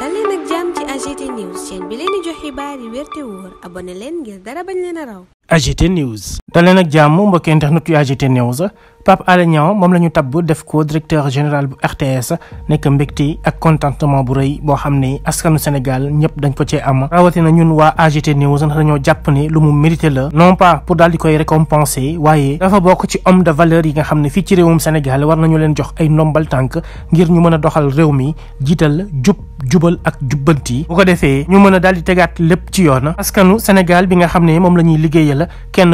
dal leen ak jàmm ci AGT News chaîne bi leen di jox xibaar yi wér te wóor abonné leen dara bañ leen a raw. AGT News. dal leen ak jàmm mbokki internet yu AGT News. Pape Alé Niang moom la ñu def ko directeur général bu RTS nekk mbégte ak contentement bu rëy boo xam ne askanu Sénégal ñëpp dañ ko cee am rawatina ñun waa AGT News ndax dañoo jàpp ne lu mu mérité la non pas pour daal di koy récompenser waaye dafa bokk ci homme de valeur yi nga xam ne fii ci réewum Sénégal war nañu leen jox ay ndombal tànk ngir ñu mën a doxal réew mi jiital jub jubal ak jubbanti bu ko defee ñu mën a daal di tegaat lépp ci yoon askanu Sénégal bi nga xam ne moom la ñuy liggéeyal kenn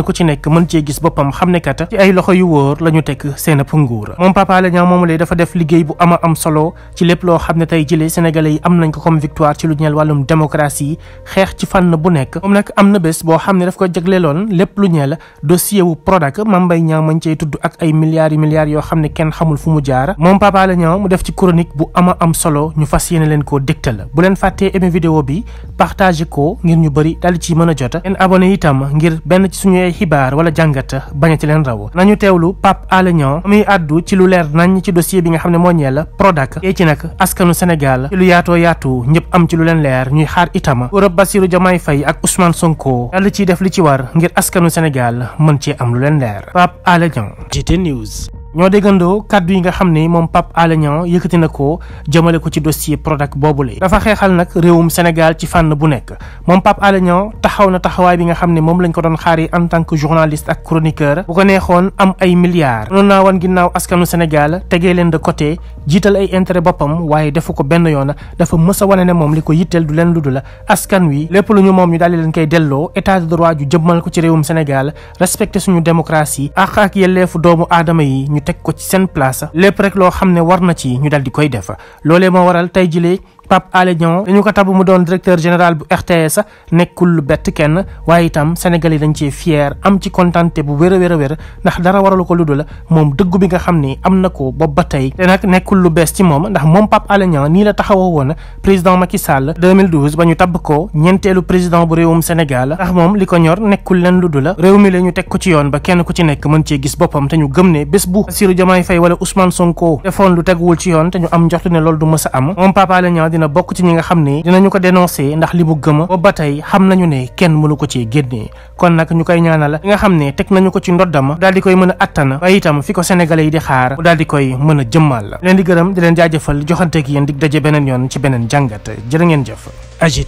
ñu teg seen ab nguur moom Pape Alé bu ama am solo lépp loo xam ne tey jëlee sénégalais yi am nañ ko comme victoire ci lu ñeel wàllum démocratie xeex ci fànn bu nekk moom nag am na bés boo xam ne daf ko jagleeloon lépp lu ñeel dossier wu Prodac Mame Mbaye mañ cey tudd ak ay milliards yu yoo xam ne kenn xamul fu mu moom Pape mu def ci chronique bu ama am solo ñu fas yéene leen koo la bu leen fàttee aimé vidéo bi partagé ko ngir ñu bëri daal ci mën a jot ngeen abonné itam ngir benn ci suñu ay xibaar wala jàngat bañ ci leen raw nañu teewlu Pape Alé Niang muy àddu ci lu leer nañ ci dossier bi nga xam ne moo ñeel Prodac yee ci nag askanu Sénégal ci lu yaatoo yaatu ñëpp am ci lu leen leer ñuy xaar itama Europe Bassirou Diomaye fay ak usmaan Sonko dal ciy def li ci war ngir askanu Sénégal mën cee am lu leen leer Pape Alé Niang GT News ñoo déggandoo kàddu yi nga xam ne moom Pape Alé Niang yëkkati na ko jëmale ko ci dossier Prodac boobule. dafa xeexal nag réewum Sénégal ci fànn bu nekk moom Pape Alé taxaw na taxawaay bi nga xam ne moom lañ ko doon xaaree en tant que journaliste ak chroniqueur. bu ko neexoon am ay milliards. noonu naa wan ginnaaw askanu Sénégal tegee leen de côté jiital ay intérêt boppam waaye defu ko benn yoon dafa mës wane ne moom li ko yitteel du leen lu dul askan wi. lépp lu ñu moom ñu daal di leen koy delloo état de droit ju ko ci réewum Sénégal respecté suñu démocratie ak ak yelleefu doomu aadama yi ñu teg ko ci seen place lépp rek loo xam ne war na ci ñu dal di koy def loole moo waral tey jilee Pape Alé Niang dañu ko tabb mu doon directeur général bu RTS nekkul lu bett kenn waaye itam Sénégal yi dañ cee am ci kontante bu wér a wér a wér ndax dara waralu ko lu dul moom dëggu bi nga xam ni am na ko bopp ba tey te nag nekkul lu bees ci moom ndax moom Pape Alé Niang nii la taxawoo woon président Macky Sall 2012 ba ñu tabb ko ñeenteelu président bu réewum Sénégal ndax moom li ko ñor nekkul leen lu dul réew mi la ñu teg ko ci yoon ba kenn ku ci nekk mën cee gis boppam te ñu gëm ne bés bu Bassirou Diomaye Faye wala Ousmane Sonko defoon yoon te ñu am njortu ne loolu du mës a am dina bokk ci ñi nga xam ne dinañu ko dénoncé ndax li mu gëma ba ba tey xam nañu ne kenn mënu ko ci génne kon nag ñu koy ñaanal li nga xam ne teg nañu ko ci ndoddama daal di koy mën a attana waaye itam fi ko sénégalais yi di xaar mu daal di koy mën a jëmmal leen di gërëm di leen jaajëfal joxante ak yéen dig daje beneen yoon ci beneen jàngat jërë ngeen jëf